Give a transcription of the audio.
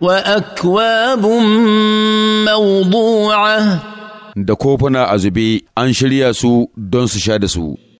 واكواب موضوعه da kofuna a zube an shirya su don su sha da su